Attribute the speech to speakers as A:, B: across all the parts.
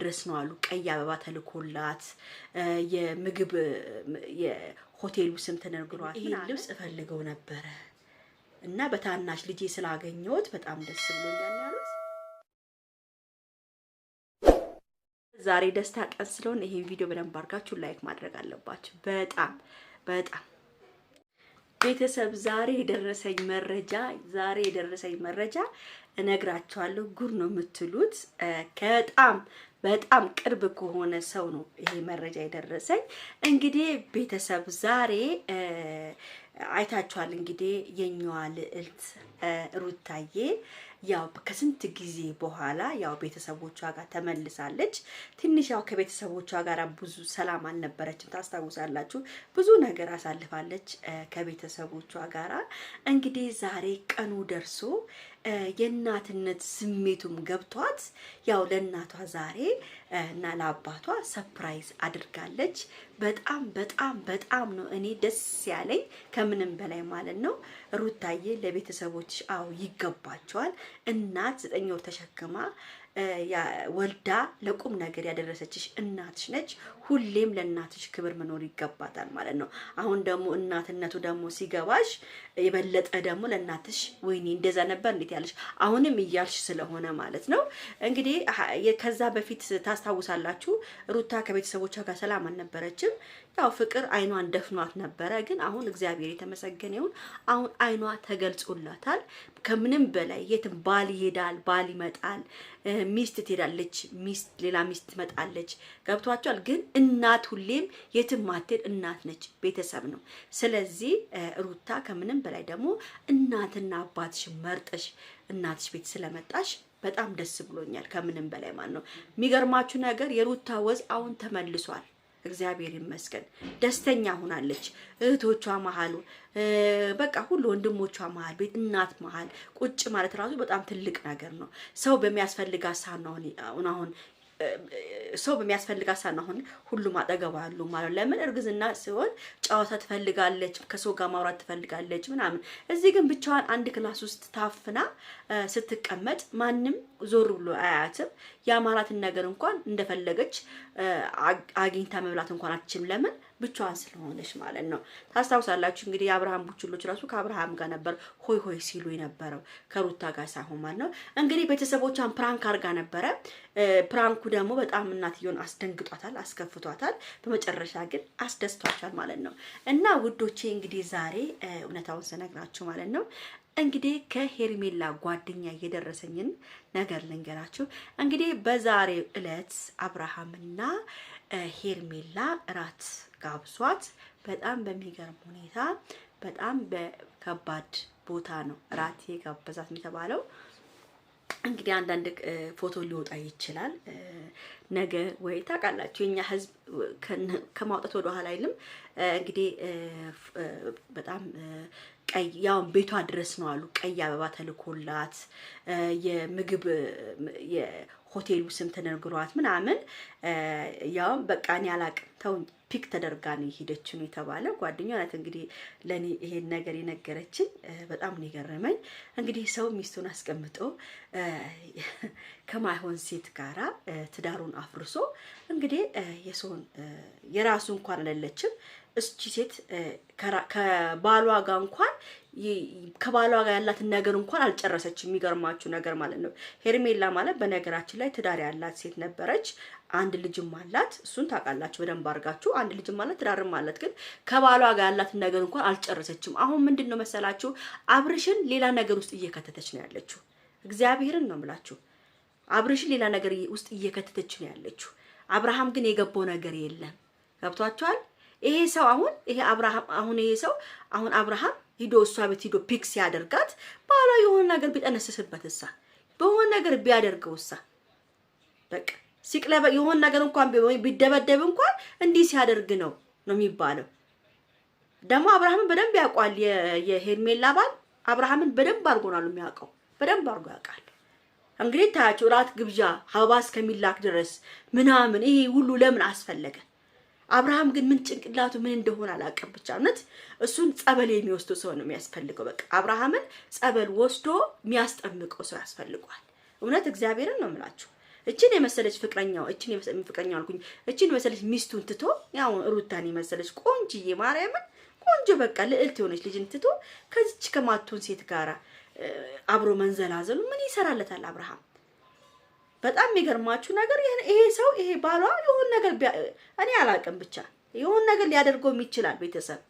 A: ድረስ ነው አሉ። ቀይ አበባ ተልኮላት የምግብ የሆቴሉ ስም ተነግሯት፣
B: ይህ ልብስ እፈልገው ነበረ እና በታናሽ ልጄ ስላገኘሁት በጣም ደስ ብሎኛል ያሉት ዛሬ ደስታ ቀን ስለሆነ ይሄን ቪዲዮ በደንብ አድርጋችሁ ላይክ ማድረግ አለባችሁ። በጣም በጣም ቤተሰብ ዛሬ የደረሰኝ መረጃ ዛሬ የደረሰኝ መረጃ እነግራችኋለሁ። ጉር ነው የምትሉት ከጣም በጣም ቅርብ ከሆነ ሰው ነው ይሄ መረጃ የደረሰኝ። እንግዲህ ቤተሰብ ዛሬ አይታችኋል እንግዲህ የኛዋ ልዕልት ሩታዬ ያው ከስንት ጊዜ በኋላ ያው ቤተሰቦቿ ጋር ተመልሳለች። ትንሽ ያው ከቤተሰቦቿ ጋር ብዙ ሰላም አልነበረችም፣ ታስታውሳላችሁ። ብዙ ነገር አሳልፋለች ከቤተሰቦቿ ጋር። እንግዲህ ዛሬ ቀኑ ደርሶ የእናትነት ስሜቱም ገብቷት ያው ለእናቷ ዛሬ እና ለአባቷ ሰፕራይዝ አድርጋለች። በጣም በጣም በጣም ነው እኔ ደስ ያለኝ ከምንም በላይ ማለት ነው። ሩታዬ ለቤተሰቦች አዎ ይገባቸዋል። እናት ዘጠኝ ወር ተሸክማ ወልዳ ለቁም ነገር ያደረሰችሽ እናትሽ ነች። ሁሌም ለእናትሽ ክብር መኖር ይገባታል ማለት ነው። አሁን ደግሞ እናትነቱ ደግሞ ሲገባሽ የበለጠ ደግሞ ለእናትሽ ወይኔ እንደዛ ነበር እንዴት ያለሽ አሁንም እያልሽ ስለሆነ ማለት ነው። እንግዲህ ከዛ በፊት ታስታውሳላችሁ፣ ሩታ ከቤተሰቦቿ ጋር ሰላም አልነበረችም። ያው ፍቅር አይኗን ደፍኗት ነበረ። ግን አሁን እግዚአብሔር የተመሰገነ ይሁን፣ አሁን አይኗ ተገልጾላታል። ከምንም በላይ የትም ባል ይሄዳል፣ ባል ይመጣል ሚስት ትሄዳለች፣ ሚስት ሌላ ሚስት ትመጣለች። ገብቷቸዋል። ግን እናት ሁሌም የትም ማትሄድ እናት ነች፣ ቤተሰብ ነው። ስለዚህ ሩታ ከምንም በላይ ደግሞ እናትና አባትሽ መርጠሽ እናትሽ ቤት ስለመጣሽ በጣም ደስ ብሎኛል፣ ከምንም በላይ ማለት ነው። የሚገርማችሁ ነገር የሩታ ወዝ አሁን ተመልሷል። እግዚአብሔር ይመስገን ደስተኛ ሆናለች። እህቶቿ መሀሉ በቃ ሁሉ ወንድሞቿ መሀል ቤት እናት መሀል ቁጭ ማለት ራሱ በጣም ትልቅ ነገር ነው። ሰው በሚያስፈልጋ ሳን አሁን ሰው በሚያስፈልጋት ሳን አሁን ሁሉም አጠገባ ያሉ ማለት ለምን እርግዝና ሲሆን ጨዋታ ትፈልጋለች፣ ከሰው ጋር ማውራት ትፈልጋለች ምናምን። እዚህ ግን ብቻዋን አንድ ክላስ ውስጥ ታፍና ስትቀመጥ ማንም ዞር ብሎ አያትም የአማራትን ነገር እንኳን እንደፈለገች አግኝታ መብላት እንኳን አትችልም። ለምን ብቻዋን ስለሆነች ማለት ነው። ታስታውሳላችሁ እንግዲህ የአብርሃም ቡችሎች ራሱ ከአብርሃም ጋር ነበር ሆይ ሆይ ሲሉ የነበረው ከሩታ ጋር ሳይሆን ማለት ነው። እንግዲህ ቤተሰቦቿን ፕራንክ አርጋ ነበረ ፕራንኩ ደግሞ በጣም እናትየውን አስደንግጧታል፣ አስከፍቷታል። በመጨረሻ ግን አስደስቷቸዋል ማለት ነው። እና ውዶቼ እንግዲህ ዛሬ እውነታውን ስነግራችሁ ማለት ነው እንግዲህ ከሄርሜላ ጓደኛ የደረሰኝን ነገር ልንገራችሁ። እንግዲህ በዛሬው እለት አብርሃምና ሄርሜላ እራት ጋብሷት በጣም በሚገርም ሁኔታ በጣም በከባድ ቦታ ነው እራት የጋበዛት የተባለው እንግዲህ አንዳንድ ፎቶ ሊወጣ ይችላል። ነገ ወይ ታውቃላችሁ፣ የኛ ህዝብ ከማውጣት ወደ ኋላ አይልም። እንግዲህ በጣም ቀይ ያውን ቤቷ ድረስ ነው አሉ ቀይ አበባ ተልኮላት የምግብ ሆቴሉ ስም ተነግሯት ምናምን ያው በቃ እኔ አላቅም ተውኝ ፒክ ተደርጋ ነው የሄደች ነው የተባለ። ጓደኛዋ ናት እንግዲህ ለእኔ ይሄን ነገር የነገረችኝ። በጣም ነው የገረመኝ። እንግዲህ ሰው ሚስቱን አስቀምጦ ከማይሆን ሴት ጋራ ትዳሩን አፍርሶ እንግዲህ የሰውን የራሱ እንኳን አለለችም እስቺ ሴት ከባሏ ጋር እንኳን ከባሏ ጋር ያላትን ነገር እንኳን አልጨረሰች። የሚገርማችሁ ነገር ማለት ነው ሄርሜላ ማለት በነገራችን ላይ ትዳር ያላት ሴት ነበረች። አንድ ልጅም አላት። እሱን ታውቃላችሁ በደንብ አድርጋችሁ። አንድ ልጅም አላት፣ ትዳርም አላት። ግን ከባሏ ጋር ያላትን ነገር እንኳን አልጨረሰችም። አሁን ምንድን ነው መሰላችሁ አብርሽን ሌላ ነገር ውስጥ እየከተተች ነው ያለችው። እግዚአብሔርን ነው የምላችሁ አብርሽን ሌላ ነገር ውስጥ እየከተተች ነው ያለችው። አብርሃም ግን የገባው ነገር የለም። ገብቷችኋል? ይሄ ሰው አሁን ይሄ አብርሃም አሁን ይሄ ሰው አሁን አብርሃም ሂዶ እሷ ቤት ሂዶ ፒክ ሲያደርጋት ባሏ የሆነ ነገር ቢጠነስስበት እሳ በሆነ ነገር ቢያደርገው እሳ በቃ ሲቅለበ የሆነ ነገር እንኳን ቢደበደብ እንኳን እንዲህ ሲያደርግ ነው ነው የሚባለው። ደግሞ አብርሃምን በደንብ ያውቋል። የሄርሜላ ባል አብርሃምን በደንብ አድርጎ ነው የሚያውቀው። በደንብ አድርጎ ያውቃል። እንግዲህ ታያቸው እራት ግብዣ ሀባስ ከሚላክ ድረስ ምናምን ይሄ ሁሉ ለምን አስፈለገ? አብርሃም ግን ምን ጭንቅላቱ ምን እንደሆነ አላውቅም። ብቻ እውነት እሱን ጸበል የሚወስደው ሰው ነው የሚያስፈልገው። በቃ አብርሃምን ጸበል ወስዶ የሚያስጠምቀው ሰው ያስፈልገዋል። እውነት እግዚአብሔርን ነው የምላችሁ። እችን የመሰለች ፍቅረኛው እችን ፍቅረኛው አልኩኝ፣ እችን የመሰለች ሚስቱን ትቶ ያው ሩታን የመሰለች ቆንጅዬ ማርያምን ቆንጆ በቃ ልዕልት የሆነች ልጅን ትቶ ከዚች ከማቱን ሴት ጋራ አብሮ መንዘላዘሉ ምን ይሰራለታል አብርሃም? በጣም የሚገርማችሁ ነገር ይሄ ሰው ይሄ ባሏ የሆን ነገር እኔ አላውቅም፣ ብቻ የሆን ነገር ሊያደርገውም ይችላል። ቤተሰብ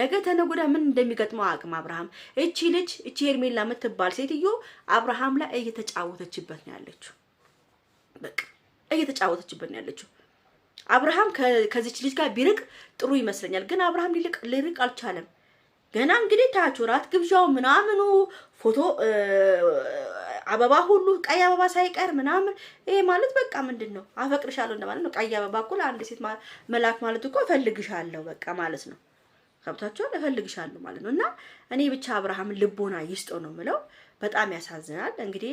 B: ነገ ተነጎዳ ምን እንደሚገጥመው አቅም አብርሃም እቺ ልጅ እቺ ሄርሜላ የምትባል ሴትዮ አብርሃም ላይ እየተጫወተችበት ነው ያለችው። በቃ እየተጫወተችበት ነው ያለችው። አብርሃም ከዚች ልጅ ጋር ቢርቅ ጥሩ ይመስለኛል፣ ግን አብርሃም ሊርቅ ሊርቅ አልቻለም። ገና እንግዲህ ታያችሁ፣ ራት ግብዣው ምናምኑ ፎቶ አበባ ሁሉ ቀይ አበባ ሳይቀር ምናምን። ይሄ ማለት በቃ ምንድን ነው አፈቅርሻለሁ እንደማለት ነው። ቀይ አበባ እኮ ለአንድ ሴት መላክ ማለት እኮ እፈልግሻለሁ በቃ ማለት ነው። ከብታችኋል። እፈልግሻለሁ ማለት ነው። እና እኔ ብቻ አብርሃም ልቦና ይስጠው ነው ምለው። በጣም ያሳዝናል። እንግዲህ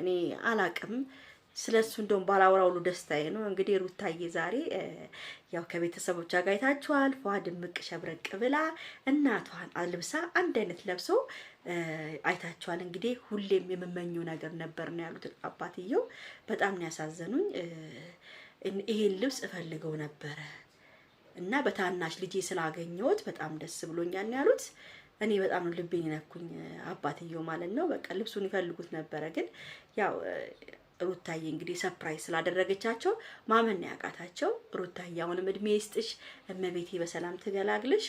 B: እኔ አላቅም ስለ እሱ እንደውም ባላወራ ሁሉ ደስታዬ ነው። እንግዲህ ሩታዬ ዛሬ ያው ከቤተሰቦች ጋር አይታችኋል። ፏ ድምቅ ሸብረቅ ብላ እናቷን አልብሳ አንድ አይነት ለብሶ አይታቸዋል። እንግዲህ ሁሌም የምመኘው ነገር ነበር ነው ያሉት አባትየው። በጣም ነው ያሳዘኑኝ። ይሄን ልብስ እፈልገው ነበረ እና በታናሽ ልጄ ስላገኘሁት በጣም ደስ ብሎኛል ነው ያሉት። እኔ በጣም ልቤን ነኩኝ አባትየው ማለት ነው። በቃ ልብሱን ይፈልጉት ነበረ ግን ያው ሩታዬ እንግዲህ ሰፕራይዝ ስላደረገቻቸው ማመን ያቃታቸው። ሩታዬ አሁንም እድሜ ይስጥሽ፣ እመቤቴ በሰላም ትገላግልሽ።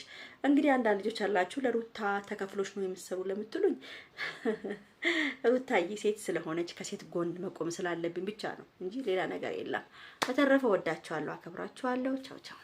B: እንግዲህ አንዳንድ ልጆች አላችሁ ለሩታ ተከፍሎች ነው የምትሰሩ ለምትሉኝ ሩታዬ ሴት ስለሆነች ከሴት ጎን መቆም ስላለብኝ ብቻ ነው እንጂ ሌላ ነገር የለም። በተረፈ ወዳችኋለሁ፣ አከብራችኋለሁ። ቻው ቻው